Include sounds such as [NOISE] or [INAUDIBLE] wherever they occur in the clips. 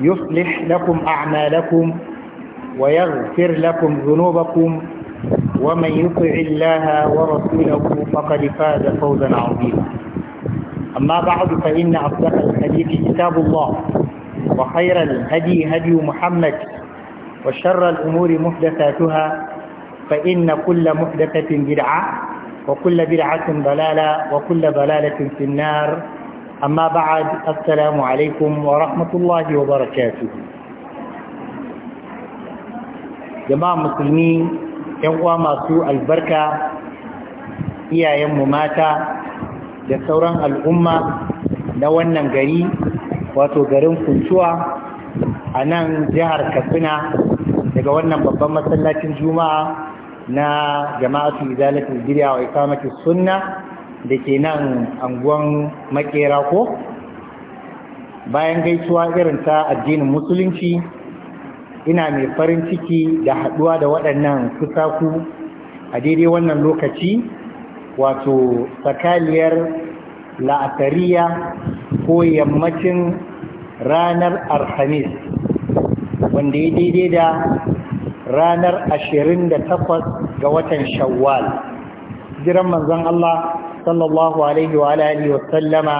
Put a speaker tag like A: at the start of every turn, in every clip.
A: يصلح لكم أعمالكم ويغفر لكم ذنوبكم ومن يطع الله ورسوله فقد فاز فوزا عظيما أما بعد فإن أصدق الحديث كتاب الله وخير الهدي هدي محمد وشر الأمور محدثاتها فإن كل محدثة بدعة وكل بدعة ضلالة وكل ضلالة في النار أما بعد السلام عليكم ورحمة الله وبركاته جماعة مسلمين يوم سوء البركة هي يوم ماتا يسورا الأمة نوانا غري وتغرم كنشوا أنا جهر كفنا daga wannan babban masallacin juma'a na jama'atu izalatul bid'a wa iqamatus sunnah da ke nan anguwan makera ko bayan gaisuwa irin ta addinin musulunci ina mai farin ciki da haduwa da waɗannan kusaku a daidai wannan lokaci wato tsakaliyar la'asariya ko yammacin ranar alhamis wanda ya daidai da ranar 28 ga watan shawwal jiran manzon Allah sallallahu alaihi wa alihi wa sallama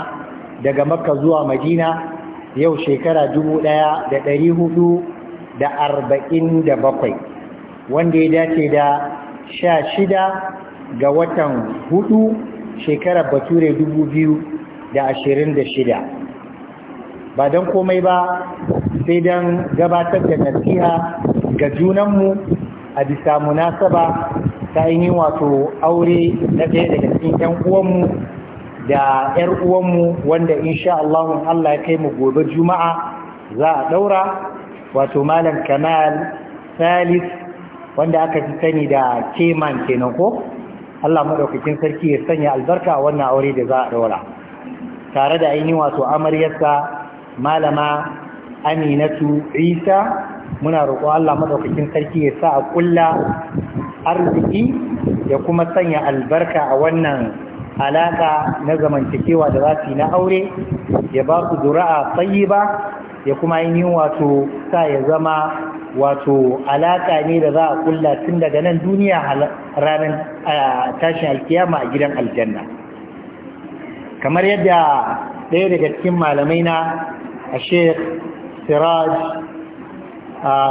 A: daga makka zuwa madina yau shekara dubu ɗaya da ɗari hudu da arba'in da bakwai wanda ya dace da sha shida ga watan hudu shekara bature dubu biyu da ashirin da shida ba don komai ba sai don gabatar da nasiha ga junanmu a bisa munasaba ta ainihin wato aure na ɗaya daga cikin yan uwanmu da yar uwanmu wanda insha Allah Allah ya kai mu gobe juma'a za a daura wato malam kamal salis wanda aka fi sani da keman kenan ko Allah madaukakin sarki ya sanya albarka a wannan aure da za a daura tare da ainihin wato amaryarsa malama aminatu isa muna roƙo Allah madaukakin sarki ya sa a kulla arziki ya kuma sanya albarka a wannan alaka na zamantakewa da za su yi na aure ya ba su zura'a tsayi ba ya kuma yi wato sa ya zama wato alaka ne da za a kulla tun daga nan duniya ranar tashin alkiyama a gidan aljanna kamar yadda ɗaya daga cikin malamai na a sheikh siraj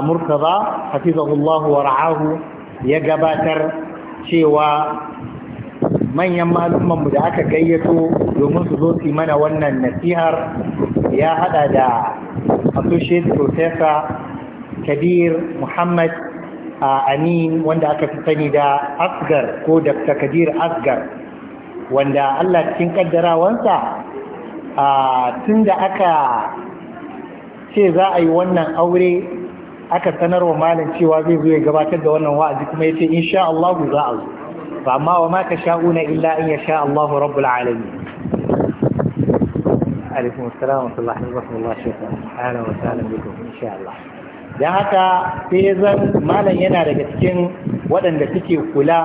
A: murtaza hafizahullahu wa ra'ahu ya gabatar cewa manyan malumanmu da aka gayyato domin su zo su mana wannan nasihar ya hada da associate professor kadir muhammad amin wanda aka fi sani da asgar ko da kadir asgar wanda allah cikin kaddarawansa tun da aka ce za a yi wannan aure aka sanar wa malam cewa zai zo ya gabatar da wannan wa'azi kuma yace insha Allah za a zo fa amma wa ma tasha'una illa in yasha Allah rabbul alamin alaikum assalam wa rahmatullahi wa barakatuh ala wa sahlan bikum insha Allah dan haka sai zan malam yana daga cikin waɗanda suke kula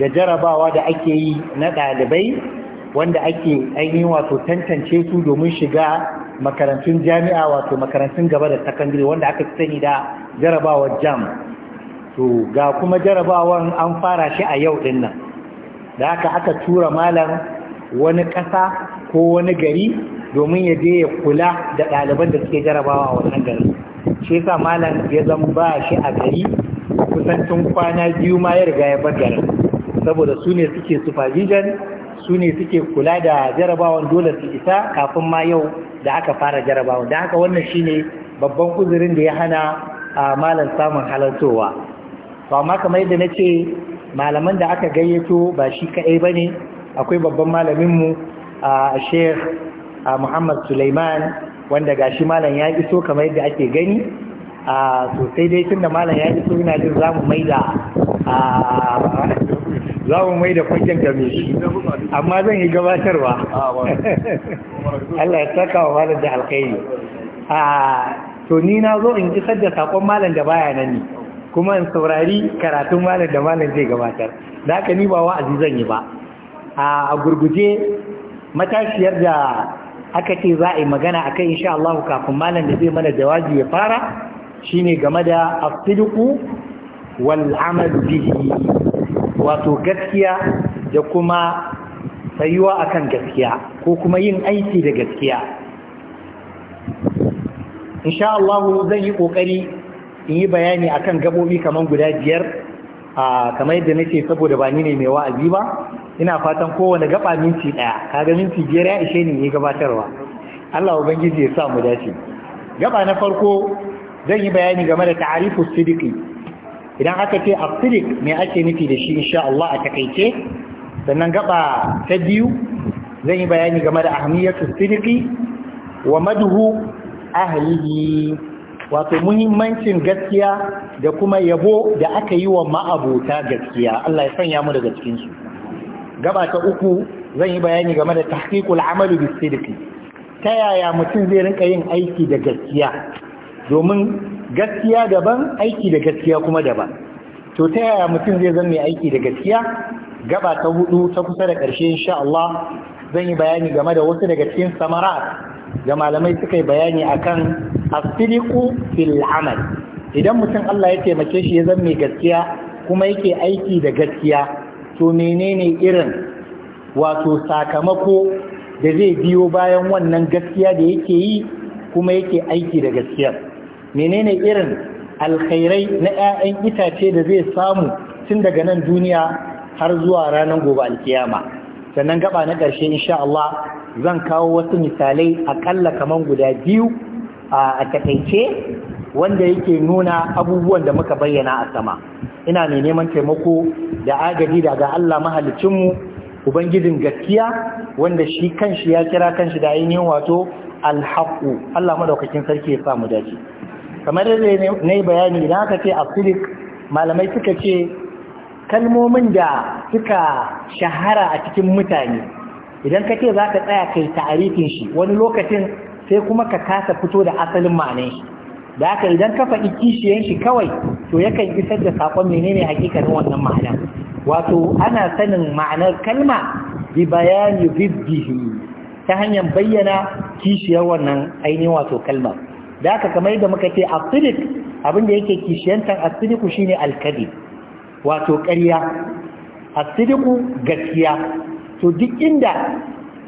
A: da jarabawa da ake yi na ɗalibai wanda ake ainihin wato tantance su domin shiga makarantun jami'a wato makarantun gaba da sakandare wanda aka sani da jarabawar jam to ga kuma jarabawan an fara shi a yau din nan da haka aka tura malam wani ƙasa ko wani gari domin ya je ya kula da ɗaliban da suke jarabawa a wannan gari shi yasa malam ya zama ba shi a gari kusan tun kwana biyu ma ya riga ya bar garin saboda su ne suke supervision su ne suke kula da jarabawan dole su isa kafin ma yau da aka fara jarabawan da haka wannan shine babban uzurin da ya hana malam samun halartowa to amma kamar yadda na ce malaman da aka gayyato ba shi kaɗai ba ne akwai babban malaminmu a sheikh muhammad Sulaiman, wanda gashi malam ya iso kamar yadda ake gani sosai dai tun da malam ya iso yana jin za mu maida da za mu mai da kwakin kame amma zan yi gabatarwa ah, [LAUGHS] Allah ya saka wa malam da alkhairi a ah, to ni na zo in isar da sakon malam da baya nan ne kuma in saurari karatun malam da malam zai gabatar da haka ni ba wa'azi zan yi ba ah, a gurguje matashiyar da aka ce za a yi magana a kai insha Allah kafin malam da zai mana jawabi ya fara shine game da afsiduku wal amal bihi wato gaskiya da kuma tsayuwa akan gaskiya ko kuma yin aiki da gaskiya insha Allah zan yi kokari in yi bayani akan gabobi kamar guda biyar a kamar yadda nake saboda ba ni ne mai wa'azi ba ina fatan kowane gaba minti daya kaga minti biyar ya ishe ni ne gabatarwa Allah ubangiji ya sa mu dace gaba na farko zan yi bayani game da ta'arifu sidiki idan aka ce asirik me ake nufi da shi insha Allah a takaice sannan gaba ta biyu zan yi bayani game da ahmiyatu sidiki wa madhu ahlihi wato muhimmancin gaskiya da kuma yabo da aka yi wa ma'abota gaskiya Allah ya sanya mu daga cikin su gaba ta uku zan yi bayani game da tahqiqul amal bis sidiki ta yaya mutum zai rinka yin aiki da gaskiya domin gaskiya daban aiki da gaskiya kuma daban to ta yaya mutum zai zan mai aiki da gaskiya gaba ta hudu ta kusa da ƙarshe insha Allah zan yi bayani game da wasu daga cikin samara da malamai suka yi bayani akan asiriku fil amal idan mutum Allah ya taimake shi ya zama mai gaskiya kuma yake aiki da gaskiya to menene irin wato sakamako da zai biyo bayan wannan gaskiya da yake yi kuma yake aiki da gaskiya? menene irin alkhairai na 'ya'yan itace da zai samu tun daga nan duniya har zuwa ranar gobe alkiyama sannan gaba na ƙarshe insha Allah zan kawo wasu misalai akalla kaman guda biyu a takaice wanda yake nuna abubuwan da muka bayyana a sama ina mai neman taimako da agaji daga Allah mahalicinmu ubangijin gaskiya wanda shi kanshi ya kira kanshi da ainihin wato 'alhaku' Allah madaukakin sarki ya samu dace kamar da na yi bayani idan aka ce asirik malamai suka ce kalmomin da suka shahara a cikin mutane idan ka ce za ka tsaya kai ta'arifin shi wani lokacin sai kuma ka kasa fito da asalin ma'anin shi da aka idan ka faɗi kishiyan shi kawai to yakan isar da saƙon menene hakikanin wannan ma'ana wato ana sanin ma'anar kalma bi bayani bibbihi ta hanyar bayyana kishiyar wannan ainihin wato kalmar da aka kamar yadda muka ce abin da yake kishiyantar asidiku shine alkadi wato ƙarya asiriku gaskiya to duk inda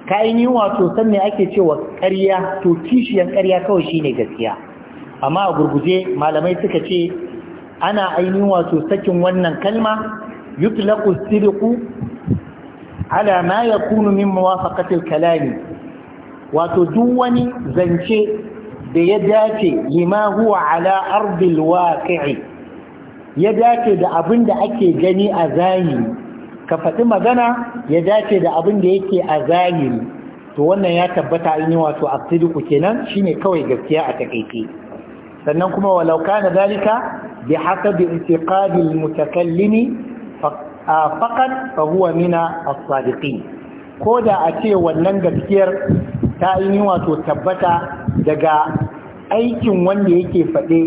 A: kayan yi wato san me ake cewa karya, to kishiyan ƙarya kawai shine gaskiya amma a gurguje malamai suka ce ana ainihin wato sakin wannan kalma yutlaqu sidiku ala ma yakunu min muwafaqati kalami wato duk wani zance da ya dace lima huwa ala ardil waqi'i ya dace da abin da ake gani a zahiri ka faɗi magana ya dace da abin da yake a zahiri to wannan ya tabbata an yi wato sidiku kenan shine kawai gaskiya a takaice sannan kuma walau kana dalika bi hasabi i'tiqadi al-mutakallimi faqat fa huwa min as-sadiqin ko da a ce wannan gaskiyar ta ni wato tabbata daga aikin wanda yake faɗe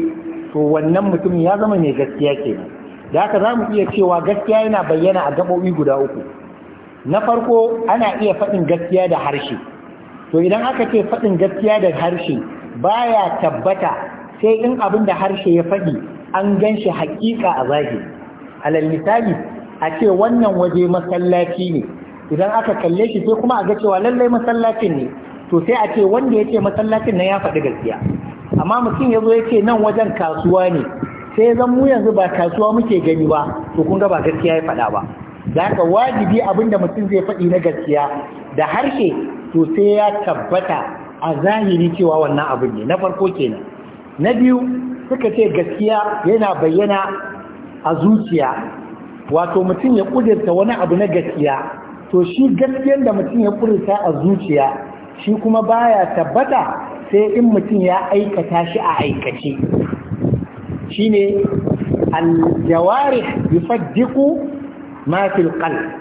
A: to wannan mutum ya zama mai gaskiya kenan da haka za mu iya cewa gaskiya yana bayyana a gaɓoɓi guda uku na farko ana iya faɗin gaskiya da harshe to idan aka ce faɗin gaskiya da harshe baya tabbata sai in abin da harshe ya faɗi an gan shi haƙiƙa a zahiri alal misali a ce wannan waje masallaci ne idan aka kalle shi sai kuma a ga cewa lallai masallacin ne to sai a ce wanda ya ce masallacin nan ya faɗi gaskiya amma mutum ya zo ya ce nan wajen kasuwa ne sai zan mu yanzu ba kasuwa muke gani ba to kun ga ba gaskiya ya faɗa ba da haka wajibi da mutum zai faɗi na gaskiya da harshe to sai ya tabbata a zahiri cewa wannan abin ne na farko kenan na biyu suka ce gaskiya yana bayyana a zuciya wato mutum ya ƙudurta wani abu na gaskiya to shi gaskiyar da mutum ya ƙudurta a zuciya shi kuma baya tabbata sai in mutum ya aikata shi a aikace shine aljawari yusaddiqu ma fil qalb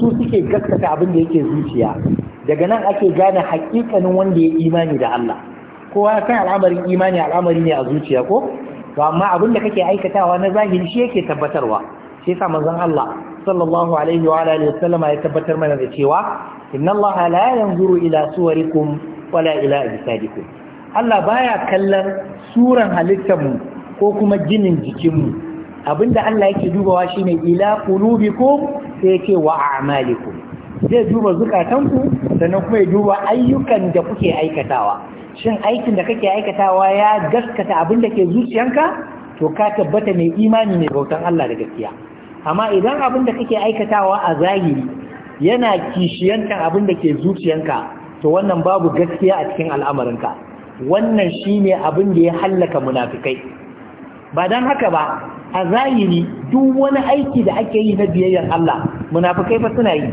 A: su suke gaskata abin da yake zuciya daga nan ake gane hakikanin wanda ya imani da Allah kowa san al'amarin imani al'amari ne a zuciya ko to amma abin da kake aikatawa na zahiri shi yake tabbatarwa shi yasa manzon Allah sallallahu alaihi wa alihi wasallama ya tabbatar mana da cewa inna allaha la yanzuru ila suwarikum wala ila ajsadikum Allah baya kallon suran halittar mu ko kuma ginin jikin mu abinda Allah yake dubawa shine ila qulubikum sai yake wa a'malikum zai duba zukatanku sannan kuma ya duba ayyukan da kuke aikatawa shin aikin da kake aikatawa ya gaskata abin da ke zuciyanka to ka tabbata mai imani ne bautan Allah da gaskiya amma idan abin da kake aikatawa a zahiri yana kishiyanka abin da ke zuciyanka to wannan babu gaskiya a cikin al'amarinka wannan shine abin da ya hallaka munafikai ba dan haka ba a zahiri duk wani aiki da ake yi na biyayyar Allah munafikai fa suna yi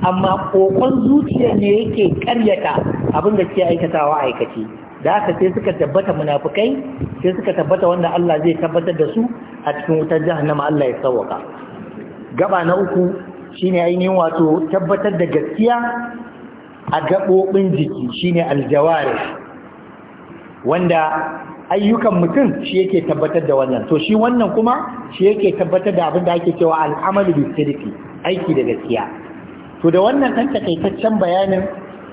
A: amma kokon zuciya ne yake karyata abin da ke aikatawa aikace da haka sai suka tabbata munafikai sai suka tabbata wanda Allah zai tabbatar da su a cikin wutar jahannama Allah ya sauwaka gaba na uku Shi ne ainihin wato tabbatar da gaskiya a gaɓoɓin jiki ne aljawari wanda ayyukan mutum shi yake tabbatar da wannan to shi wannan kuma shi yake tabbatar da abin da ake cewa al'amalu bi sirri aiki da gaskiya to da wannan ɗan takaitaccen bayanin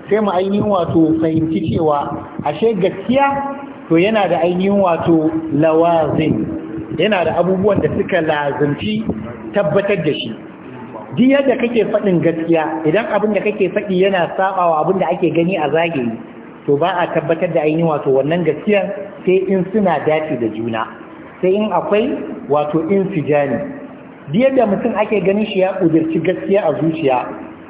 A: sai mu ainihin wato fahimci cewa ashe gaskiya to yana da ainihin wato lawazin yana da abubuwan da suka lazimci tabbatar da shi duk yadda kake faɗin gaskiya idan abin da kake faɗi yana saɓawa abin da ake gani a zagaye to ba a tabbatar da ainihin wato wannan gaskiya sai in suna dace da juna sai in akwai wato in insijani duk yadda mutum ake ganin shi ya kudirci gaskiya a zuciya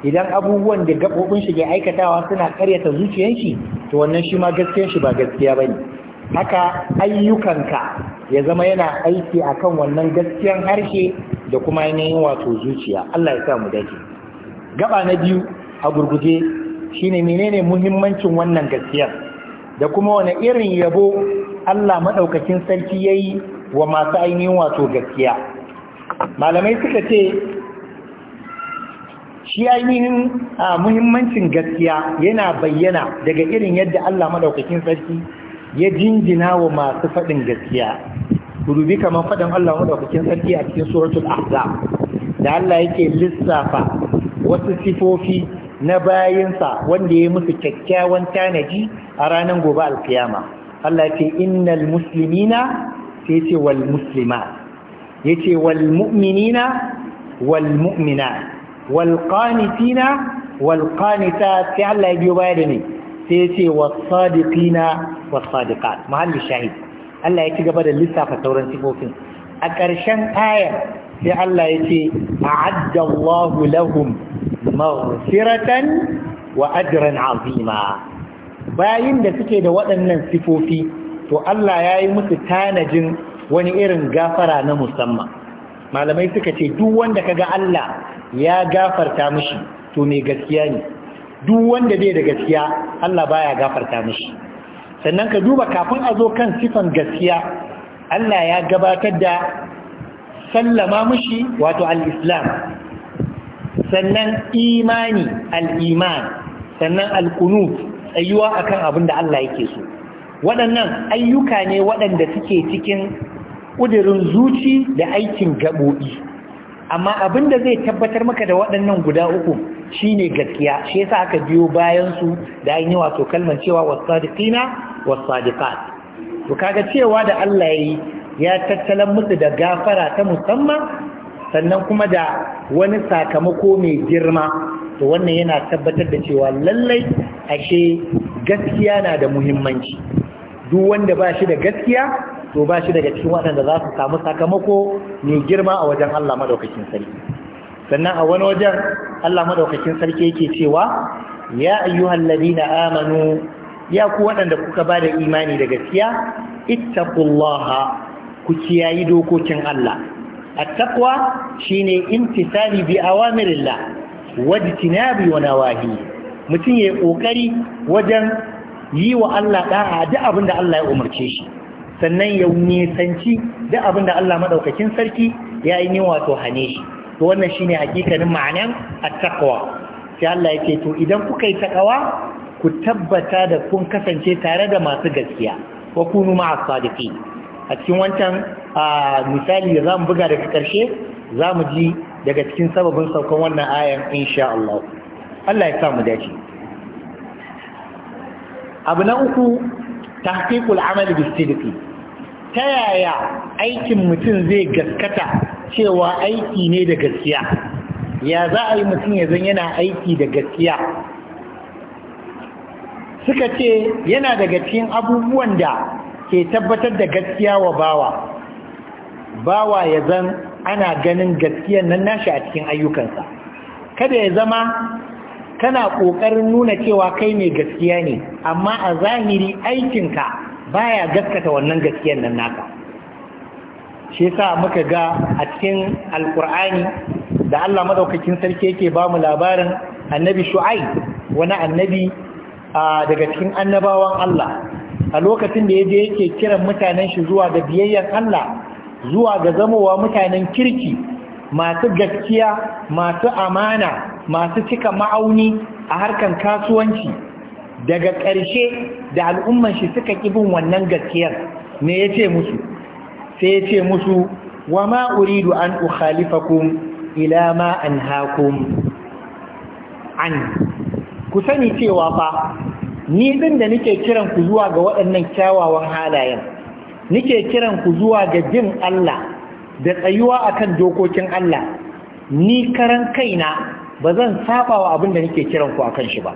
A: idan abubuwan da gaɓoɓin shi ke aikatawa suna karyata zuciyar shi to wannan shi ma gaskiyar shi ba gaskiya bane haka ayyukanka ya zama yana aiki akan wannan gaskiyan harshe da kuma yanayin wato zuciya Allah ya sa mu dace gaba na biyu a gurguje shine menene muhimmancin wannan gaskiyar da kuma wani irin yabo Allah madaukakin sarki yayi wa masu ainihin wato gaskiya malamai suka ce shi ainihin muhimmancin gaskiya yana bayyana daga irin yadda Allah madaukakin sarki ya jinjina wa masu faɗin gaskiya rubi kamar faɗin Allah madaukakin sarki a cikin suratul ahza da Allah yake lissafa wasu sifofi na bayansa wanda ya musu kyakkyawan tanaji a ranar gobe alkiyama Allah ce innal muslimina sai ce wal Ya yace wal mu'minina wal mu'mina wal qanitina wal qanita sai Allah ya biyo baya da ne sai ya ce wa sadiqat mahalli shahid Allah ya ci gaba da lissafa sauran sifofin a ƙarshen taya sai Allah ya ce a'adda Allahu lahum maghfiratan wa ajran azima bayin da suke da waɗannan sifofi to Allah ya yi musu tanajin wani irin gafara na musamman malamai suka ce duk wanda kaga Allah ya gafarta mishi to me gaskiya ne duk wanda bai da gaskiya Allah baya gafarta mishi sannan ka duba kafin a zo kan sifan gaskiya Allah ya gabatar da sallama mishi wato al-islam sannan imani al-iman sannan al-qunut tsayuwa akan abin da Allah yake so waɗannan ayyuka ne waɗanda suke cikin ƙudurin zuci da aikin gaɓoɓi amma abin da zai tabbatar maka da waɗannan guda uku shine gaskiya shi yasa aka biyo bayan su da an yi wato kalmar cewa wasadiqina wasadiqat to kaga cewa da Allah ya yi ya tattalan musu da gafara ta musamman sannan kuma da wani sakamako mai girma to wannan yana tabbatar da cewa lallai ashe gaskiya na da muhimmanci duk wanda ba shi da gaskiya to ba shi daga cikin waɗanda za su samu sakamako mai girma a wajen Allah maɗaukakin sarki sannan a wani wajen Allah maɗaukakin sarki yake cewa ya ayyuhal na amanu ya ku waɗanda kuka ba da imani da gaskiya kullaha ku kiyayi dokokin Allah at-taqwa shine imtisali bi awamirillah wajtinabi wa nawahi mutum yayi ƙoƙari wajen yi wa Allah ɗa'a, duk abin da Allah ya umarce shi sannan ya nisanci da abin da Allah maɗaukacin sarki ya yi wato hane shi to wannan shine hakikanin ma'ana a taqwa sai Allah to idan kuka yi takawa ku tabbata da kun kasance tare da masu gaskiya wa kunu ma'as sadiqin a cikin wancan misali da zamu buga daga karshe zamu ji daga cikin sababin saukan wannan ayan insha Allah Allah ya mu dace abu na uku tahqiqul amal bis sidqi ta yaya aikin mutum zai gaskata cewa aiki ne da gaskiya ya za a yi mutum ya zan yana aiki da gaskiya suka ce yana daga cikin abubuwan da ke tabbatar da gaskiya wa bawa bawa ya zan ana ganin gaskiya nan nashi a cikin ayyukansa kada ya zama kana ƙoƙarin nuna cewa kai mai gaskiya ne amma a zahiri aikinka baya gaskata wannan gaskiyar nan naka shi yasa muka ga a cikin alkur'ani da Allah madaukakin sarki yake ba mu labarin annabi shu'ai wani annabi daga cikin annabawan Allah a lokacin da yaje yake kiran mutanen shi zuwa ga biyayyan Allah zuwa ga zamowa mutanen kirki masu gaskiya masu amana masu cika ma'auni a harkan kasuwanci daga ƙarshe da al'umman shi suka bin wannan gaskiyar me ya ce musu sai ya ce musu wa ma uridu an ukhalifakum ila ma an an ku sani cewa fa ni din da nake kiran ku zuwa ga waɗannan kyawawan halayen nike kiran ku zuwa ga jin Allah da tsayuwa akan dokokin Allah ni karan kaina ba zan saba wa abin da nake kiran ku akan shi ba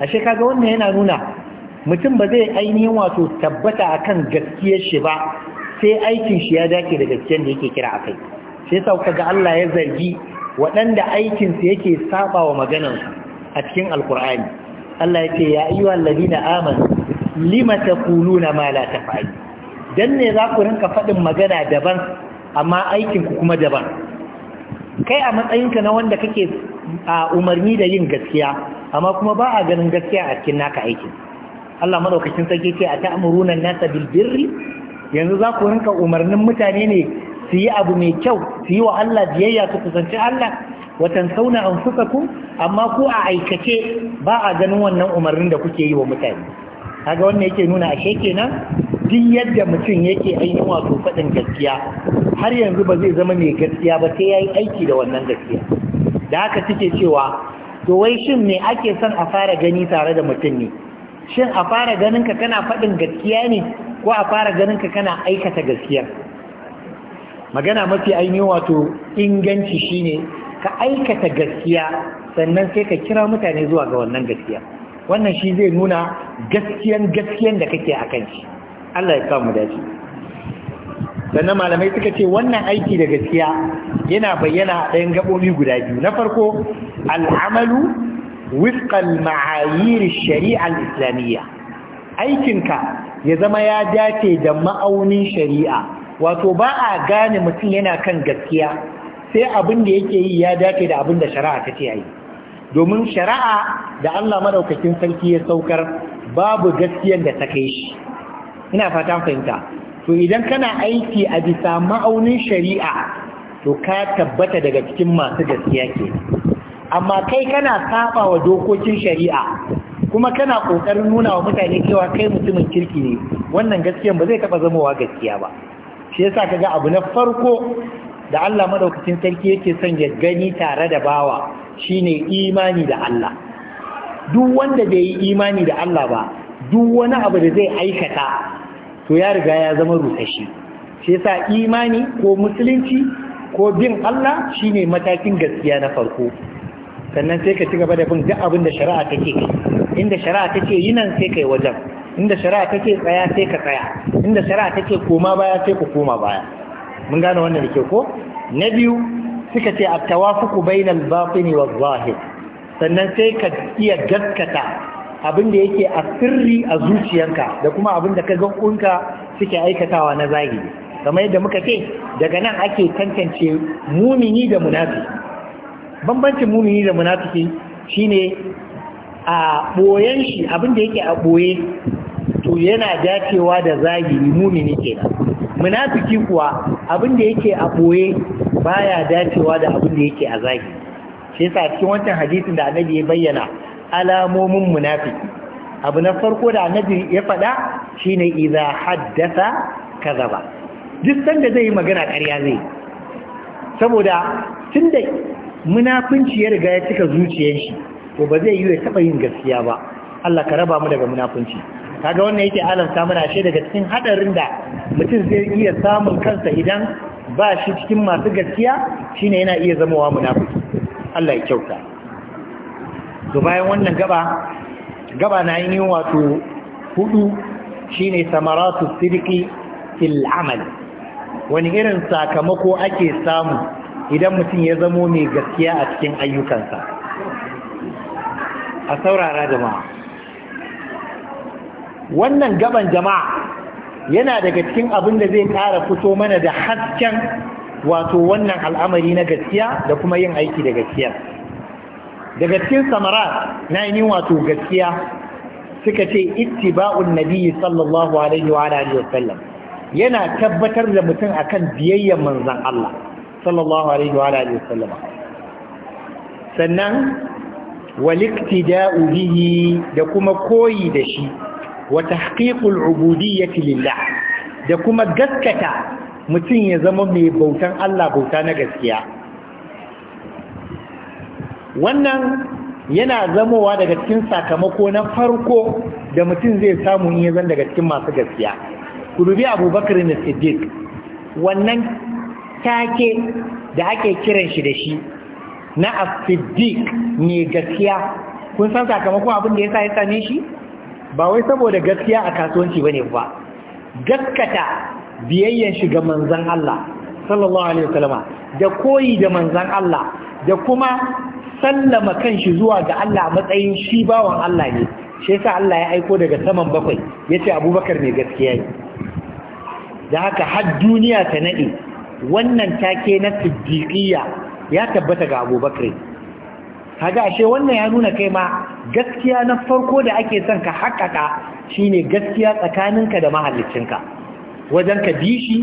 A: ashe kaga wannan yana nuna mutum ba zai ainihin wato tabbata akan gaskiyar shi ba sai aikin shi ya dace da gaskiyar da yake kira akai sai sa kaga Allah ya zargi waɗanda aikin su yake saba wa maganar a cikin alkur'ani Allah ya ce ya ayyuhal ladina amanu lima taquluna ma la taf'alun dan ne za ku rinka faɗin magana daban amma aikin ku kuma daban kai a matsayinka na wanda kake a umarni da yin gaskiya amma kuma ba a ganin gaskiya a cikin naka aikin Allah madaukakin sarki ce a ta'muruna nasa bil birri yanzu za ku rinka umarnin mutane ne su yi abu mai kyau su yi wa Allah biyayya su kusanci Allah wa tansawna anfusakum amma ku a aikace ba a ganin wannan umarnin da kuke yi wa mutane kaga wannan yake nuna ashe kenan duk yadda mutum yake ainihin wato faɗin gaskiya har yanzu ba zai zama mai gaskiya ba sai ya yi aiki da wannan gaskiya da haka suke cewa to wai shin me ake son a fara gani tare da mutum ne shin a fara ganin ka kana faɗin gaskiya ne ko a fara ganin ka kana aikata gaskiya magana mafi ainihi wato inganci shine ka aikata gaskiya sannan sai ka kira mutane zuwa ga wannan gaskiya wannan shi zai nuna gaskiyan gaskiyan da kake a kan shi Allah ya samu dace sannan malamai suka ce wannan aiki da gaskiya yana bayyana a ɗayan gaɓoɓi guda biyu na farko al'amalu wifqal ma'ayir shari'a islamiyya aikinka ya zama ya dace da ma'aunin shari'a wato ba a gane mutum yana kan gaskiya sai abin da yake yi ya dace da abin da shari'a ta ce yi domin shari'a da Allah madaukakin sarki ya saukar babu gaskiyar da ta kai shi ina fatan fahimta to idan kana aiki a bisa ma'aunin shari'a to ka tabbata daga cikin masu gaskiya ke amma kai kana saba wa dokokin shari'a kuma kana kokarin nuna wa mutane cewa kai mutumin kirki ne wannan gaskiya ba zai taba zamowa gaskiya ba shi yasa kaga abu na farko da Allah madaukakin sarki yake son ya gani tare da bawa shine imani da Allah duk wanda bai yi imani da Allah ba duk wani abu da zai aikata to ya riga ya zama rusashi shi yasa imani ko musulunci ko bin Allah shine matakin gaskiya na farko sannan sai ka ci gaba da bin duk abin da shari'a take inda shari'a take yi nan sai kai wajen inda shari'a take tsaya sai ka tsaya inda shari'a take koma baya sai ku koma baya mun gane wannan da ke ko na biyu suka ce at-tawafuqu bainal batini waz-zahir sannan sai ka iya gaskata abin da yake a sirri a zuciyanka da kuma abin da ka ga hukunka suke aikatawa na zagi, kamar yadda muka ce daga nan ake tantance mumini da munafiki bambancin mumini da munafiki shine a boyen shi abin da yake a boye to yana dacewa da zahiri mumini kenan munafiki kuwa abin da yake a boye baya dacewa da abin da yake a zahiri shi yasa cikin wancan hadisin da annabi ya bayyana alamomin munafiki abu na farko da annabi ya faɗa shine idza haddasa kazaba duk sanda zai yi magana ƙarya zai saboda tunda munafinci ya riga ya cika zuciyar shi to ba zai yi ya taɓa yin gaskiya ba Allah ka raba mu daga munafinci kaga wannan yake alamta muna she daga cikin hadarin da mutum zai iya samun kansa idan ba shi cikin masu gaskiya shine yana iya zamowa munafiki Allah ya kyauta to bayan wannan gaba gaba na yi wato hudu shine samaratu sidiki fil amal wani irin sakamako ake samu idan mutum ya zamo mai gaskiya a cikin ayyukansa a saurara jama'a wannan gaban jama'a yana daga cikin abin da zai ƙara fito mana da hasken wato wannan al'amari na gaskiya da kuma yin aiki da gaskiya daga cikin samara na yi wato gaskiya suka ce ittiba'un nabiyyi sallallahu alaihi wa alihi wa sallam yana tabbatar da mutum akan biyayyar manzon Allah sallallahu alaihi wa alihi wa sallam sannan wal iktida'u bihi da kuma koyi da shi wa tahqiqul ubudiyyati lillah da kuma gaskata mutum ya zama mai bautan Allah bauta na gaskiya wannan yana zamowa daga cikin sakamako na farko da mutum zai samu yin zan daga cikin masu gaskiya ku dubi abubakar na siddiq wannan take da ake kiran shi da shi na siddiq ne gaskiya kun san sakamakon abin da ya sa ya same shi ba wai saboda gaskiya a kasuwanci bane ba gaskata biyayyan shi ga manzon Allah sallallahu alaihi wasallama da koyi da manzon Allah da kuma sallama kanshi zuwa ga Allah matsayin shi bawan Allah ne shi yasa Allah ya aiko daga saman bakwai yace Abubakar ne gaskiya ne da haka har duniya ta nade wannan take na siddiqiyya ya tabbata ga Abubakar kaga ashe wannan ya nuna kai ma gaskiya na farko da ake son ka haƙaƙa shine gaskiya tsakaninka da mahallicinka wajen ka bi shi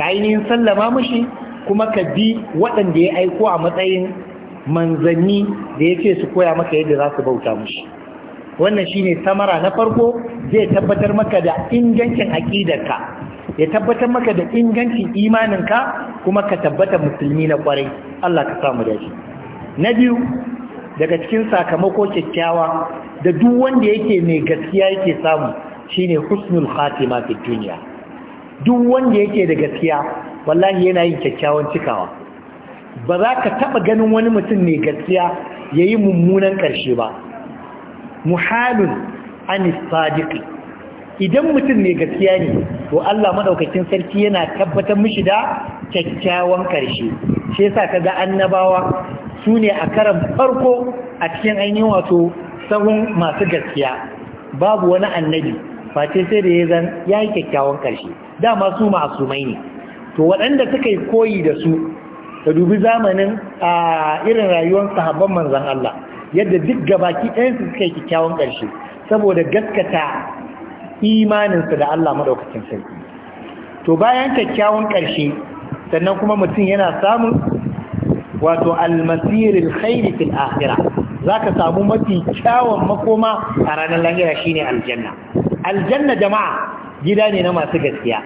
A: ka ainihin sallama mushi kuma ka bi waɗanda ya aiko a matsayin manzanni da ya ce su koya maka yadda za su bauta mushi wannan shine samara na farko zai tabbatar maka da ingancin aƙidarka ya tabbatar maka da ingancin imaninka kuma ka tabbata musulmi na kwarai Allah ka samu da na biyu daga cikin sakamako kyakkyawa da duk wanda yake mai gaskiya yake samu shine husnul khatima fi duniya duk wanda yake da gaskiya wallahi yana yin kyakkyawan cikawa ba za ka taɓa ganin wani mutum ne gaskiya ya yi mummunan ƙarshe ba muhalin anis Sadiq, idan mutum ne gaskiya ne to Allah maɗaukacin sarki yana tabbatar mishi da kyakkyawan ƙarshe shi yasa ga annabawa su ne a karan farko a cikin ainihin wato sahun masu gaskiya babu wani annabi ce sai da ya zan ya yi kyakkyawan ƙarshe dama su ma'asumai ne to waɗanda suka yi koyi da su ka dubi zamanin a irin rayuwar sahabban manzan Allah yadda duk gabaki ɗayansu suka yi kyakkyawan ƙarshe saboda gaskata imaninsu da Allah maɗaukacin sarki to bayan kyakkyawan ƙarshe sannan kuma mutum yana samun wato almasirin khairi fil akhirah zaka samu mafi kyawun makoma a ranar lahira shine aljanna aljanna jama'a gida ne na masu gaskiya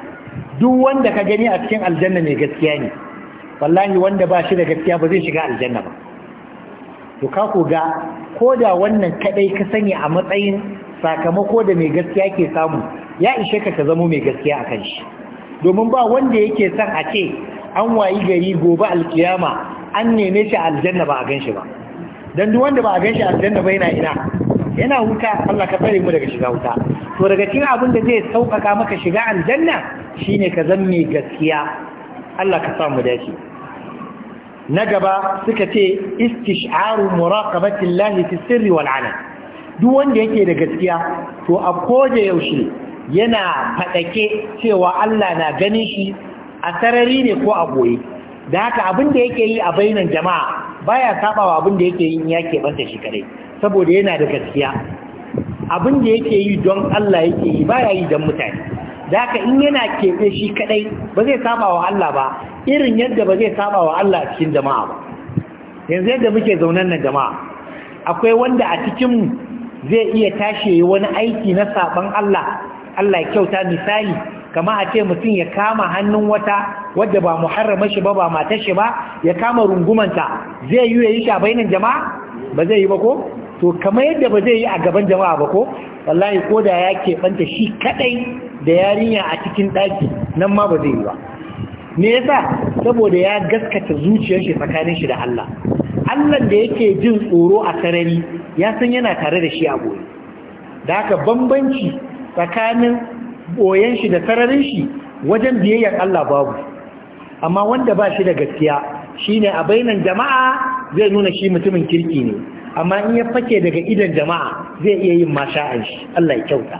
A: duk wanda ka gani a cikin aljanna mai gaskiya ne wallahi wanda ba shi da gaskiya ba zai shiga aljanna ba to ka ku ga ko da wannan kadai ka sani a matsayin sakamako da mai gaskiya ke samu ya ishe ka ka zama mai gaskiya a kan shi domin ba wanda yake son a ce an wayi gari gobe alkiyama an neme shi aljanna ba a gan shi ba don duk wanda ba a gan aljanna ba yana ina yana wuta Allah ka tsare mu daga shiga wuta to daga cikin abin da zai sauƙaƙa maka shiga aljanna shine ka zama mai gaskiya Allah ka sa mu dace na gaba suka ce istish'aru muraqabati Allah fi sirri wal alan duk wanda yake da gaskiya to a koje yaushe yana fadake cewa Allah na ganin shi a sarari ne ko a goye da haka abin da yake yi a bainan jama'a baya sabawa abin da yake yi ya keɓanta shi kadai saboda yana da gaskiya abin da yake yi don Allah yake yi baya yi don mutane da in yana keɓe shi kaɗai ba zai saba wa Allah ba irin yadda ba zai saba wa Allah cikin jama'a ba yanzu yadda muke zaunan nan jama'a akwai wanda a cikin zai iya tashi wani aiki na saban Allah Allah ya kyauta misali kama a ce mutum ya kama hannun wata wadda ba muharrama shi ba ba ma shi ba ya kama rungumanta zai yi yi shi a bainan jama'a ba zai yi ba ko to kamar yadda ba zai yi a gaban jama'a ba ko wallahi ko da ya keɓanta shi kaɗai da yarinya a cikin ɗaki nan ma ba zai yi ba me yasa saboda ya gaskata zuciyar shi tsakanin shi da Allah Allah da yake jin tsoro a sarari ya san yana tare da shi a goyi da haka bambanci tsakanin boyen shi da sararin shi wajen biyayyar Allah babu amma wanda ba shi da gaskiya shine a bainan jama'a zai nuna shi mutumin kirki ne amma in ya fake daga idon jama'a zai iya yin masha'an shi Allah ya kyauta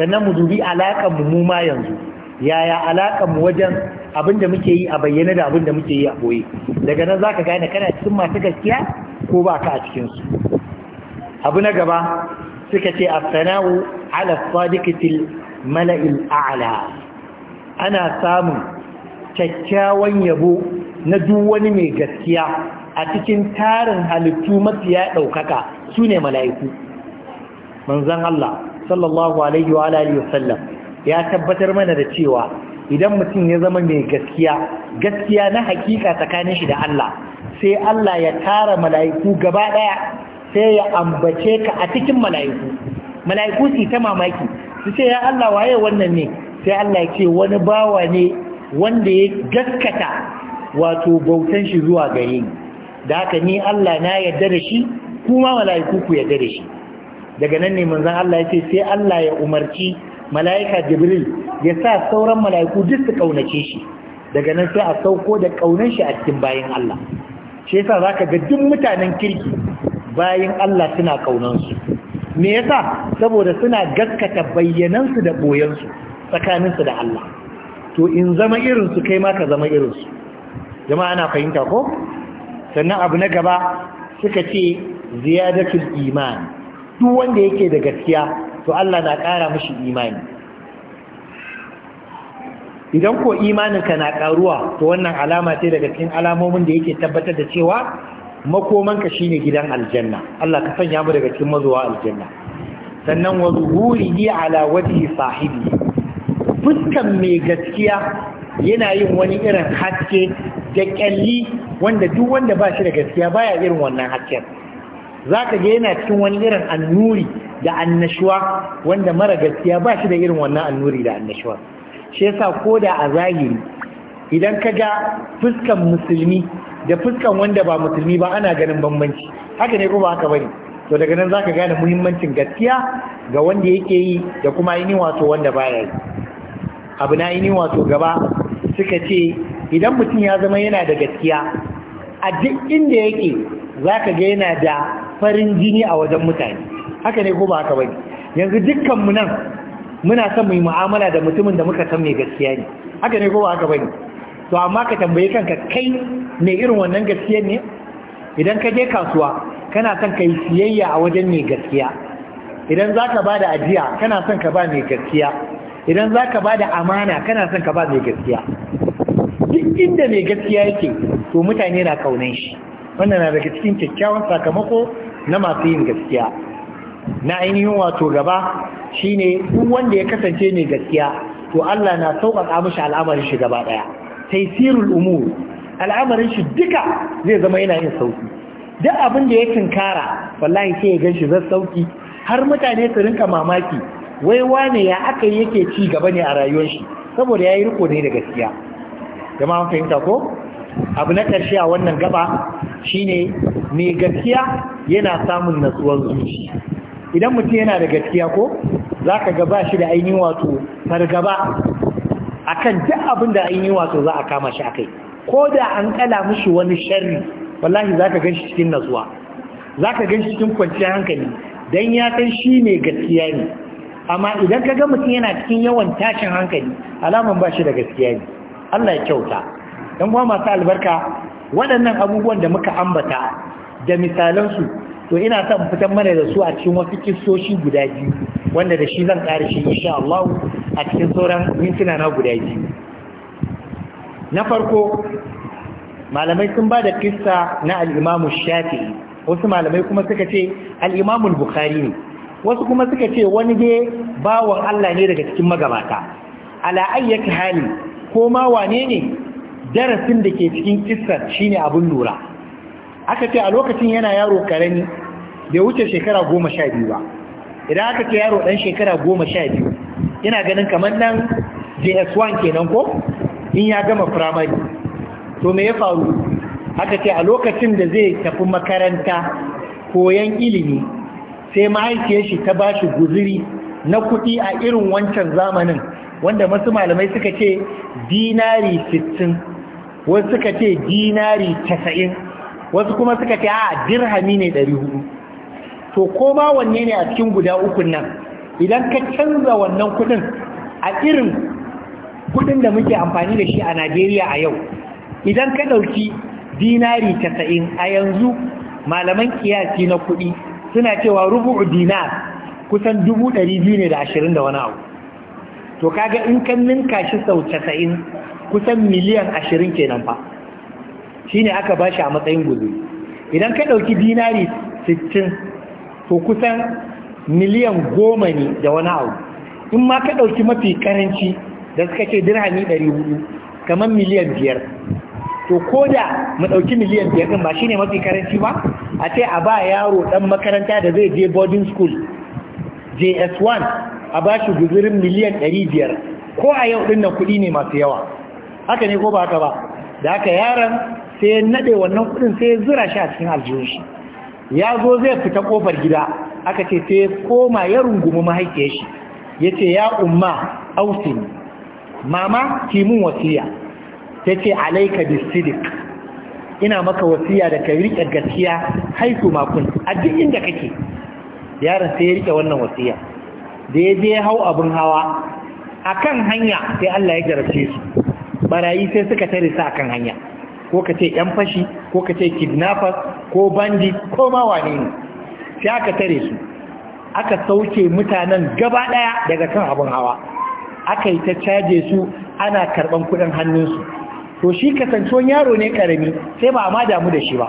A: sannan mu dubi alaƙar mu ma yanzu yaya alaƙar mu wajen abin da muke yi a bayyane da abin da muke yi a boye daga nan zaka gane kana cikin masu gaskiya ko ba ka a cikin su abu na gaba suka ce as-sana'u ala sadiqatil mala'il a'la ana samun kyakkyawan yabo na duk wani mai gaskiya a cikin tarin halittu mafiya ɗaukaka sune mala'iku manzan Allah sallallahu alaihi wa alihi wasallam ya tabbatar mana da cewa idan mutum ya zama mai gaskiya gaskiya na hakika tsakanin shi da Allah sai Allah ya tara mala'iku gaba daya sai ya ambace ka a cikin mala'iku mala'iku su ta mamaki su ce ya Allah waye wannan ne sai Allah ya ce wani bawa ne wanda ya gaskata wato bautan shi zuwa gare ni da haka ni Allah na yarda da shi kuma mala'iku ku yarda da shi daga nan ne manzon Allah ya ce sai Allah ya umarci mala'ika Jibril ya sa sauran mala'iku duk su kaunace shi daga nan sai a sauko da kaunan shi a cikin bayin Allah shi yasa zaka ga duk mutanen kirki bayin Allah suna kaunan su me yasa saboda suna gaskata su da su tsakanin su da Allah to in zama irin su kai ma ka zama irin su. jama'a ana fahimta ko sannan abu na gaba suka ce ziyadatul iman duk wanda yake da gaskiya to Allah na ƙara mashi imani idan ko imaninka na ƙaruwa to wannan alama ce daga cikin alamomin da yake tabbatar da cewa makoman ka shine gidan aljanna Allah ka sanya mu daga cikin mazuwa aljanna sannan wa zuhurihi ala wajhi sahibi fuskan mai gaskiya yana yin wani irin haske da kyalli wanda duk wanda ba shi da gaskiya baya irin wannan hasken za ka ga yana cikin wani irin annuri da annashuwa wanda mara gaskiya ba shi da irin wannan annuri da annashuwa shi yasa ko da a zahiri idan ka ga fuskan musulmi da fuskan wanda ba musulmi ba ana ganin bambanci haka ne ko ba haka bane to daga nan zaka gane muhimmancin gaskiya ga wanda yake yi da kuma yini wato wanda baya yi abu na yini wato gaba suka ce idan mutum ya zama yana da gaskiya a duk inda yake zaka ga yana da farin jini a wajen mutane haka ne ko ba haka bane yanzu dukkanmu nan muna son mu yi mu'amala da mutumin da muka san mai gaskiya ne haka ne ko ba haka bane to amma ka tambaye kanka kai mai irin wannan gaskiya ne idan ka je kasuwa kana son ka yi siyayya a wajen mai gaskiya idan za ka ba da ajiya kana son ka ba mai gaskiya idan za ka ba da amana kana son ka ba mai gaskiya duk inda mai gaskiya yake to mutane na kaunan shi wannan na daga cikin kyakkyawan sakamako na masu yin gaskiya na ainihin wato gaba shine duk wanda ya kasance mai gaskiya to Allah na sauƙaƙa mishi al'amarin shi gaba ɗaya taisirul umur al'amarin shi duka zai zama yana yin sauki duk abin da ya tinkara wallahi sai ya gan shi zai sauki har mutane su rinka mamaki wai wane ya aka yake ci gaba ne a rayuwar shi saboda ya yi riko ne da gaskiya jama'a fahimta ko abu na ƙarshe a wannan gaba shine mai gaskiya yana samun natsuwar zuci idan mutum yana da gaskiya ko za ka gaba shi da ainihin wato fargaba a kan duk abin da ainihin wato za a kama shi a kai ko da an kala mushi wani sharri wallahi za ka gan shi cikin natsuwa za ka gan shi cikin kwanciyar hankali don ya san shi mai gaskiya ne amma idan ka ga mutum yana cikin yawan tashin hankali alaman ba shi da gaskiya ne Allah ya kyauta dan kuma masu albarka waɗannan abubuwan da muka ambata da misalansu to ina son fitan mana da su a cikin wasu kissoshi guda biyu wanda da shi zan ƙara shi insha Allah a cikin sauran mintuna na guda biyu na farko malamai sun ba da kissa na al'imamu shafi'i wasu malamai kuma suka ce al'imamu bukhari ne wasu kuma suka ce wani dai bawan Allah ne daga cikin magabata ala ayyati hali ko ma wane ne darasin da ke cikin shi shine abin lura aka ce a lokacin yana yaro karami bai wuce shekara goma sha biyu ba idan aka ce yaro ɗan shekara goma sha biyu yana ganin kamar nan js1 kenan ko in ya gama firamari to me ya faru aka ce a lokacin da zai tafi makaranta koyan ilimi sai mahaifiyar shi ta bashi guziri na kuɗi a irin wancan zamanin wanda masu malamai suka ce dinari sittin. wasu suka ce dinari casa'in wasu kuma suka ce a dirhami ne ɗari hudu to ko ma wanne ne a cikin guda ukun nan idan ka canza wannan kudin a irin kudin da muke amfani da shi a najeriya a yau idan ka ɗauki dinari casa'in a yanzu malaman kiyasi na kudi suna cewa rubu'u dinar kusan dubu ɗari biyu ne da ashirin da wani abu to kaga in kan ninka shi sau casa'in kusan miliyan ashirin kenan fa shine aka ba shi a matsayin guzuri idan ka ɗauki dinari sittin to kusan miliyan goma ne da wani abu in ma ka ɗauki mafi karanci da suka ce dirhami ɗari hudu kamar miliyan biyar to ko da mu ɗauki miliyan biyar ɗin ba shine mafi karanci ba a ce a ba yaro ɗan makaranta da zai je boarding school js1 a ba shi guzurin miliyan ɗari biyar ko a yau ɗin nan kuɗi ne masu yawa haka ne ko ba haka ba da haka yaran sai nade wannan kudin sai ya zura shi a cikin aljihun shi ya zo zai fita kofar gida aka ce sai koma ya rungumi mahaifiyar shi yace ya umma ausin mama ki mun wasiya tace alayka bisidik ina maka wasiya da ka rike gaskiya haiku makun a duk inda kake yaron sai ya rike wannan wasiya da ya je hau abin hawa akan hanya sai Allah ya garace su barayi sai suka tare sa akan hanya ko ka ce yan fashi ko ka ce kidnappers ko bandi ko ma wane ne sai aka tare su aka sauke mutanen gaba daya daga kan abin hawa aka yi ta caje su ana karban kudin hannunsu to shi kasancewar yaro ne karami sai ba a ma damu da shi ba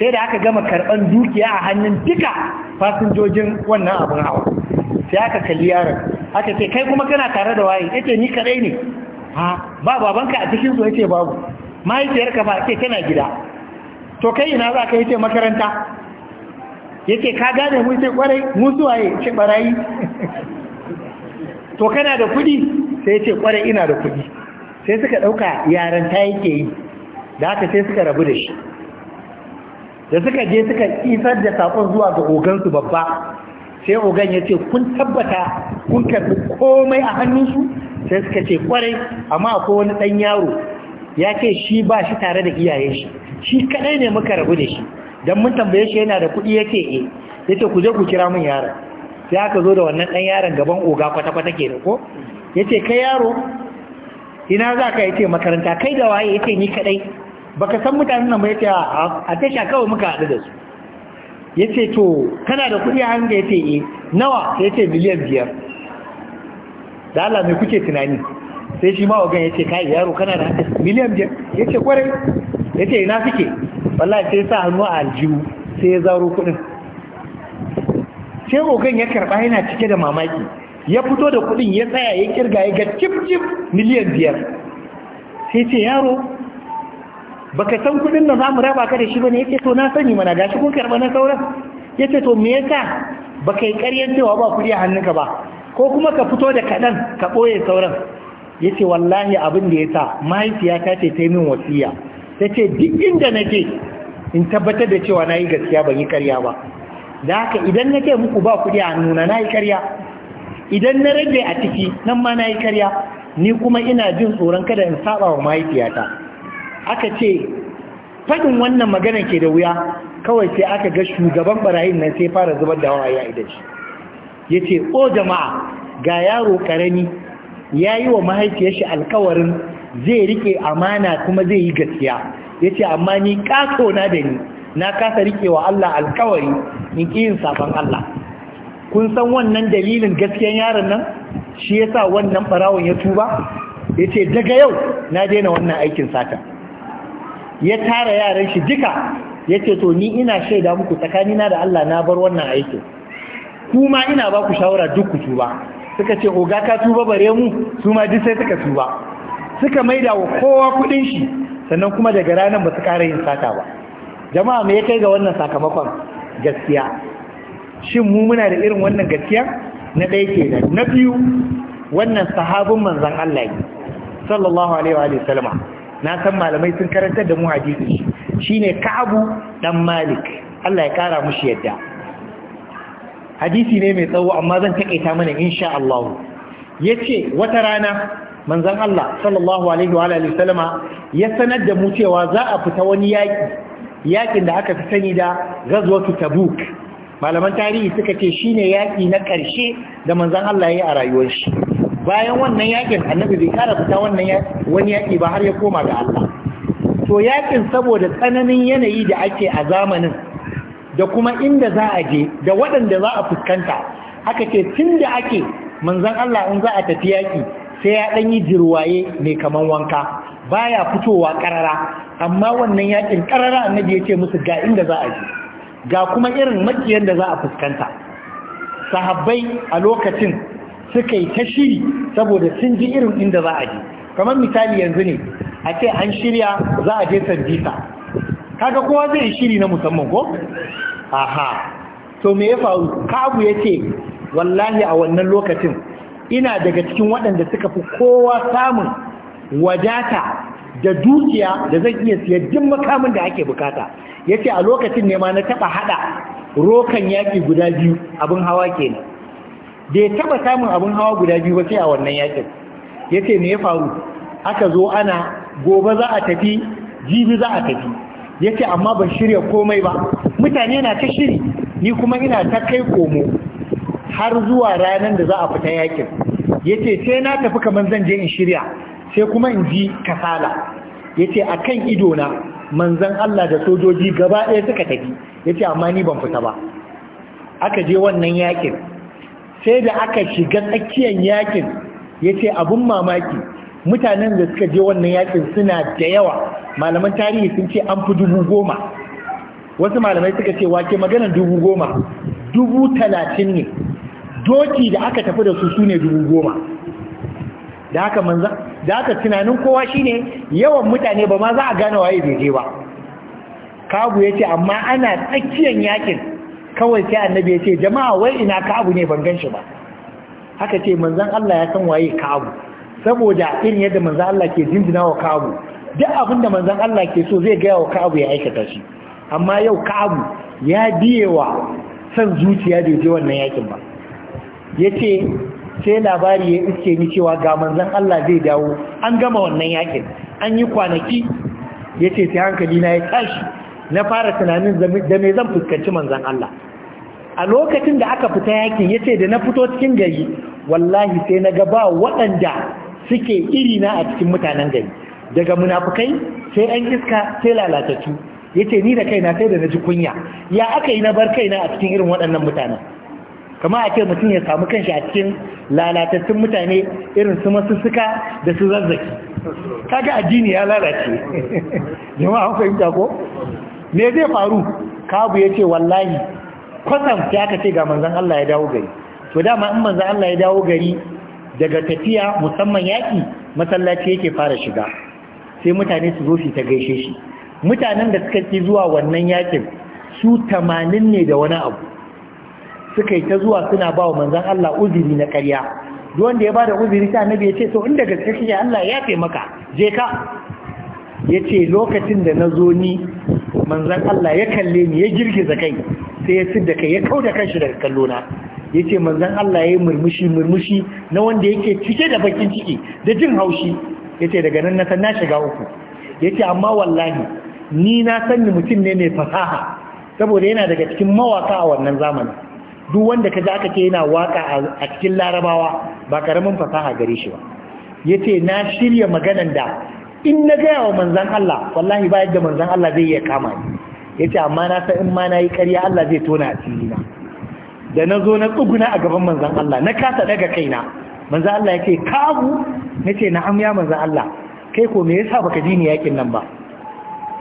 A: sai da aka gama karban dukiya a hannun duka fasinjojin wannan abin hawa sai aka kalli yaron aka ce kai kuma kana tare da waye yace ni kadai ne ha ba babanka a cikin su yace babu mahaifiyarka ba ke tana gida to kai ina za ka yace makaranta yake ka gane mu sai kwarai mu suwaye ce barayi to kana da kudi sai yace kwarai ina da kudi sai suka dauka yaran ta yake yi da haka sai suka rabu da shi da suka je suka isar da sakon zuwa ga ogansu babba sai ogan ya ce kun tabbata kun karbi komai a hannunsu sai suka ce kwarai amma akwai wani ɗan yaro ya ce shi ba shi tare da iyaye shi shi kaɗai ne muka rabu da shi don mun tambaye shi yana da kuɗi ya ce e ya ce ku je ku kira min yaron sai aka zo da wannan ɗan yaron gaban oga kwata-kwata ke da ko ya ce kai yaro ina za ka ya ce makaranta kai da waye ya ce ni kaɗai baka san mutanen nan ba ya ce a tasha kawai muka haɗu da su ya ce to kana da kuɗi a hanga ya ce e nawa ya ce miliyan biyar da Allah mai kuke tunani sai shi mawa gan ya ce kai yaro kana da miliyan biyar ya ce kwarai ya ce ina suke wallahi sai sa hannu a aljihu sai ya zaro kuɗin sai ogan ya karɓa yana cike da mamaki ya fito da kuɗin ya tsaya ya kirga ya ga cip-cip miliyan biyar sai ce yaro baka san kudin da za mu raba ka da shi ba ne yake to na sani mana gashi kun karba na sauran yake to me yasa baka yi ƙaryar cewa ba kudi a hannunka ba ko kuma ka fito da kaɗan ka boye sauran yace wallahi abin da yasa mahaifiyata ce ta yi min wasiya tace duk inda nake in tabbatar da cewa nayi gaskiya ban yi ƙarya ba da haka idan nake muku ba kudi a hannuna nayi ƙarya idan na rage a ciki nan ma nayi ƙarya ni kuma ina jin tsoron kada in saba wa mahaifiyata aka ce faɗin wannan magana ke da wuya kawai sai aka ga shugaban barayin nan sai fara zubar da hawa ya idan shi ya ce o jama'a ga yaro karami ya yi wa mahaifiyar shi alkawarin zai rike amana kuma zai yi gaskiya ya ce amma ni ƙaso na da ni na kasa rike wa Allah alkawari in ƙi yin Allah kun san wannan dalilin gaskiyan yaron nan shi ya sa wannan barawon ya tuba ya ce daga yau na daina wannan aikin sata ya tara yaran shi duka ya ce to ni ina shaida muku na da Allah na bar wannan aikin kuma ina ba ku shawara duk ku tuba suka ce oga ka tuba bare mu su ma duk sai suka tuba suka maida wa kowa kudin shi sannan kuma daga ranar ba su ƙara yin sata ba jama'a me ya kai ga wannan sakamakon gaskiya shin mu muna da irin wannan gaskiya na ɗaya kenan na biyu wannan sahabin manzon Allah ne sallallahu alaihi wa sallama na san malamai sun karantar da mu hadisi shine Ka'abu dan Malik Allah ya kara mushi yadda hadisi ne mai tsawo amma zan takaita mana insha Allah yace wata rana manzon Allah sallallahu alaihi wa alihi sallama ya sanar da mu cewa za a fita wani yaki yakin da aka fi sani da ghazwatu tabuk malaman tarihi suka ce shine yaki na karshe da manzon Allah ya yi a rayuwar shi bayan wannan yakin annabi bai kara fita wannan wani yaki ba har ya koma ga Allah to yakin saboda tsananin yanayi da ake a zamanin da kuma inda za a je da waɗanda za a fuskanta haka ce tun da ake manzon Allah in za a tafi yaki sai ya ɗan yi jirwaye mai kaman wanka baya fitowa ƙarara amma wannan yakin karara annabi ya ce musu ga inda za a je ga kuma irin makiyan da za a fuskanta sahabbai a lokacin suka yi ta shiri saboda sun ji irin inda za a ji. kamar misali yanzu ne a ce an shirya za a je sandisa kaga kowa zai shiri na musamman ko aha to me ya faru kabu ya ce wallahi a wannan lokacin ina daga cikin waɗanda suka fi kowa samun wadata da dukiya da zan iya siya duk makamin da ake bukata ya ce a lokacin ne ma na taɓa haɗa rokan yaƙi guda biyu abin hawa kenan bai taba samun abin hawa guda biyu ba sai a wannan yakin yace me ya faru aka zo ana gobe za a tafi jibi za a tafi yace amma ban shirya komai ba mutane na ta shiri ni kuma ina ta kai komo har zuwa ranar da za a fita yakin yace sai na tafi kamar zan je in shirya sai kuma in ji kasala yace akan ido na manzon Allah da sojoji gaba ɗaya suka tafi yace amma ni ban fita ba aka je wannan yakin sai da aka shiga tsakiyar yakin ya ce abin mamaki mutanen da suka je wannan yakin suna da yawa malaman tarihi sun ce an fi dubu goma wasu malamai suka ce wake maganar dubu goma dubu talatin ne doki da aka tafi da su su ne dubu goma da haka manza da haka tunanin kowa shine yawan mutane ba ma za a gane waye bege ba kabu ya ce amma ana tsakiyar yakin kawai sai annabi ya ce jama'a wai ina ka'abu ne ban gan shi ba haka ce manzan Allah ya san waye ka'abu saboda irin yadda manzan Allah ke jinjina wa ka'abu duk abin da manzan Allah ke so zai gaya wa ka'abu ya aikata shi amma yau ka'abu ya biye wa san zuciya da je wannan yakin ba yace sai labari ya iske ni cewa ga manzan Allah zai dawo an gama wannan yakin an yi kwanaki yace sai hankali na ya tashi na fara tunanin da me zan fuskanci manzan Allah a lokacin da aka fita yakin ya ce da na fito cikin gari wallahi sai na gaba waɗanda suke irina a cikin mutanen gari daga munafukai sai an iska sai lalatattu ya ce ni da kaina sai da na ji kunya ya aka yi na bar kaina a cikin irin waɗannan mutanen kama a ce mutum ya samu kanshi a cikin lalatattun mutane irin su masussuka da su zazzaki kaga addini ya lalace [LAUGHS] jama'a fahimta ko me zai faru kabu ya ce wallahi kwatsam sai aka ce ga manzan Allah ya dawo gari to dama in manzan Allah ya dawo gari daga tafiya musamman yaki masallaci yake fara shiga sai mutane su zo su ta gaishe shi mutanen da suka ci zuwa wannan yakin su tamanin ne da wani abu suka yi ta zuwa suna ba wa manzan Allah uzuri na ƙarya duk wanda ya ba da uzuri sai annabi ya ce to inda gaske shi Allah ya taimaka je ka ya lokacin da na zo ni manzan Allah ya kalle ni ya girgiza kai sai ya sidda kai ya kau da kanshi daga kallona ya ce manzan Allah ya yi murmushi murmushi na wanda yake cike da bakin ciki da jin haushi ya ce daga nan na san na shiga uku ya ce amma wallahi ni na sani mutum ne mai fasaha saboda yana daga cikin mawaka a wannan zamanin duk wanda ka ji aka ce yana waka a cikin larabawa ba karamin fasaha gare shi ba ya ce na shirya maganan da in na gaya wa manzan Allah wallahi ba yadda manzan Allah zai iya kama ni yace amma na san in ma na yi ƙarya Allah zai tona asiri na da na zo na tsuguna a gaban manzan Allah na kasa daga kaina manzan Allah ya yace na nace na'am ya manzan Allah kai ko me yasa baka ji ni yakin nan ba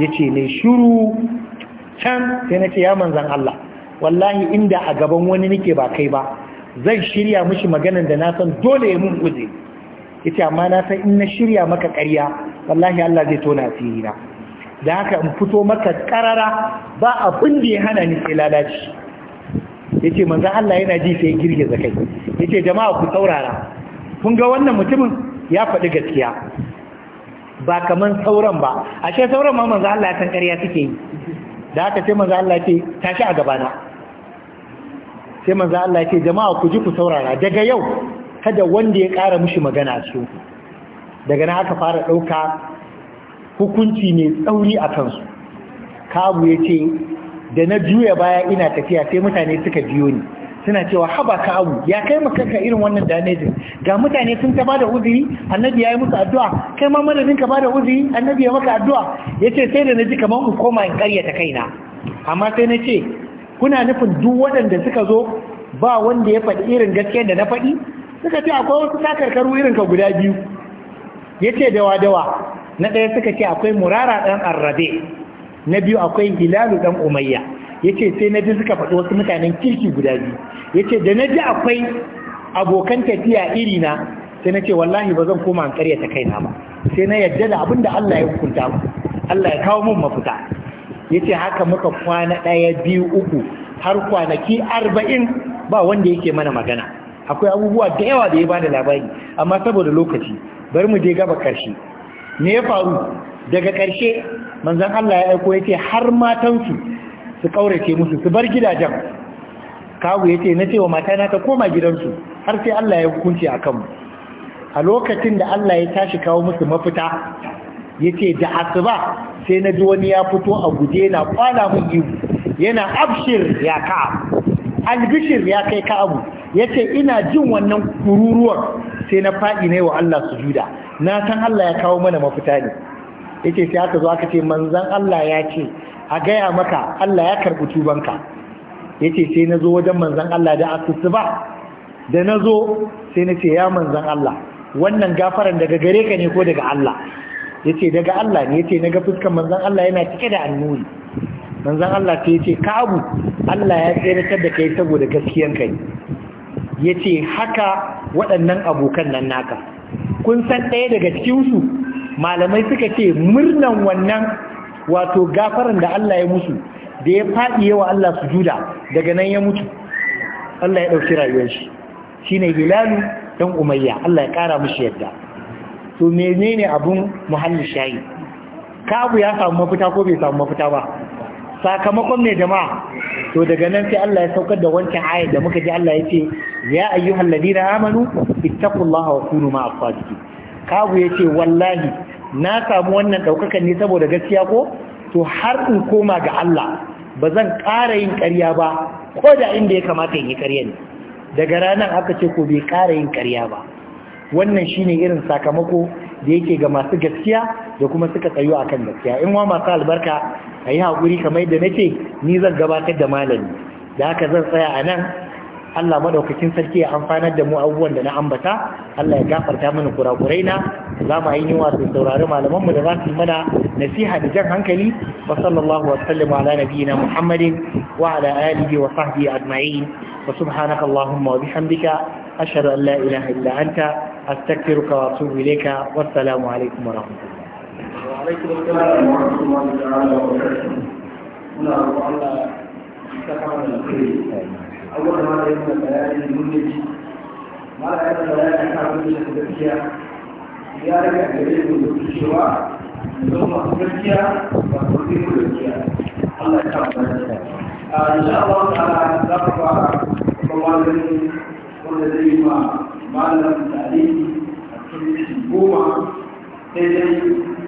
A: yace ne shiru can sai na ce ya manzan Allah wallahi inda a gaban wani nake ba kai ba zan shirya mishi maganan da na san dole ya mun guje yace amma na san in na shirya maka ƙarya wallahi Allah zai tona asiri na da haka in fito maka karara ba abin da ya hana ni sai lalaci yace manzo Allah yana ji sai girgiza kai yace jama'a ku saurara kun ga wannan mutumin ya faɗi gaskiya ba kaman sauran ba ashe sauran ma manzo Allah ya san ƙarya suke yi da haka sai manzo Allah ce tashi a gabana sai manzo Allah ce jama'a ku ji ku saurara daga yau kada wanda ya ƙara mishi magana su daga na aka fara ɗauka hukunci ne tsauri a kansu kabu ya ce da na juya baya ina tafiya sai mutane suka biyo ni suna cewa haba ka ya kai makanka irin wannan danejin ga mutane sun ta bada uzuri annabi ya yi musu addu'a kai ma madadin ka bada uzuri annabi ya maka addu'a ya ce sai da na ji kamar in koma in karyata kaina amma sai na ce kuna nufin duk waɗanda suka zo ba wanda ya faɗi irin gaskiyar da na faɗi suka ce akwai wasu takarkaru irin ka guda biyu yace dawa dawa na ɗaya suka ce akwai murara ɗan arrabe na biyu akwai hilalu ɗan umayya yace sai na ji suka faɗi wasu mutanen kirki guda biyu yace da na ji akwai abokan tafiya iri na sai na ce wallahi ba zan koma an ta kaina ba sai na yadda da abin da Allah ya hukunta mu Allah ya kawo mun mafita yace haka muka kwana ɗaya biyu uku har kwanaki arba'in ba wanda yake mana magana akwai abubuwa da yawa da ya bada labari amma saboda lokaci bari mu je gaba karshe me ya faru daga karshe manzon Allah ya aiko yace har matansu su kaurace musu su bar gidajen kawu yace na cewa mata matana ta koma gidansu har sai Allah ya hukunci akan mu a lokacin da Allah ya tashi kawo musu mafita yace da asuba sai na ji wani ya fito a guje na kwala mu ihu yana abshir ya ka'a albishir ya kai ka'abu ya ce ina jin wannan kururuwar sai na faɗi na yi wa Allah su juda. na san Allah ya kawo mana mafita ne ya ce sai aka zo aka ce manzan Allah ya ce a gaya maka Allah ya karɓi tubanka ya ce sai na zo wajen manzan Allah da asusu ba da na zo sai na ce ya manzan Allah wannan gafaran daga gare ka ne ko daga Allah ya ce daga Allah ne ya ce na ga fuskan manzan Allah yana cike da annuri manzon Allah ta ka kabu Allah ya tsiratar da kai saboda gaskiyan kai ce haka waɗannan abokan nan naka kun san ɗaya daga cikinsu malamai suka ce murnan wannan wato gafaran da Allah ya musu da ya faɗi yawa Allah su juda daga nan ya mutu Allah ya ɗauki rayuwar shi shine Hilalu dan Umayya Allah ya ƙara mushi yadda to menene abun muhallin shayi kabu ya samu mafita ko bai samu mafita ba sakamakon ne jama'a to daga nan sai Allah ya saukar da wancan ayar da muka ji Allah ya ce ya ayyuhal ladina amanu ittaqullaha wa kunu ma'as sadiqin ya yace wallahi na samu wannan daukakan ne saboda gaskiya ko to har in koma ga Allah ba zan ƙara yin ƙarya ba ko da inda ya kamata in yi ƙarya ne daga ranar aka ce ko bai ƙara yin ƙarya ba wannan shine irin sakamako da yake ga masu gaskiya da kuma suka tsayo akan gaskiya in wa masu albarka a yi haƙuri kamar yadda na ce ni zan gabatar da malami da haka zan tsaya a nan Allah maɗaukacin sarki ya amfanar da mu abubuwan da na ambata Allah ya gafarta mana kurakurai na za mu yi niwa su saurari malaman mu da za su yi mana nasiha da jan hankali wa sallallahu wa sallama ala nabiyina Muhammadin wa ala alihi wa sahbihi ajma'in wa subhanaka allahumma wa bihamdika ashhadu an la ilaha illa anta astaghfiruka wa atubu ilayka wassalamu alaikum wa rahmatullahi alaikum assalam wa rahmatullahi ta'ala wa barakatuh muna roƙon Allah ta kama da kai abubuwan da ya yi bayani mulki ma da ya yi bayani kan mulki da gaskiya ya rage gare mu da cewa don masu gaskiya ba su fi mu gaskiya Allah ya kama da yi goma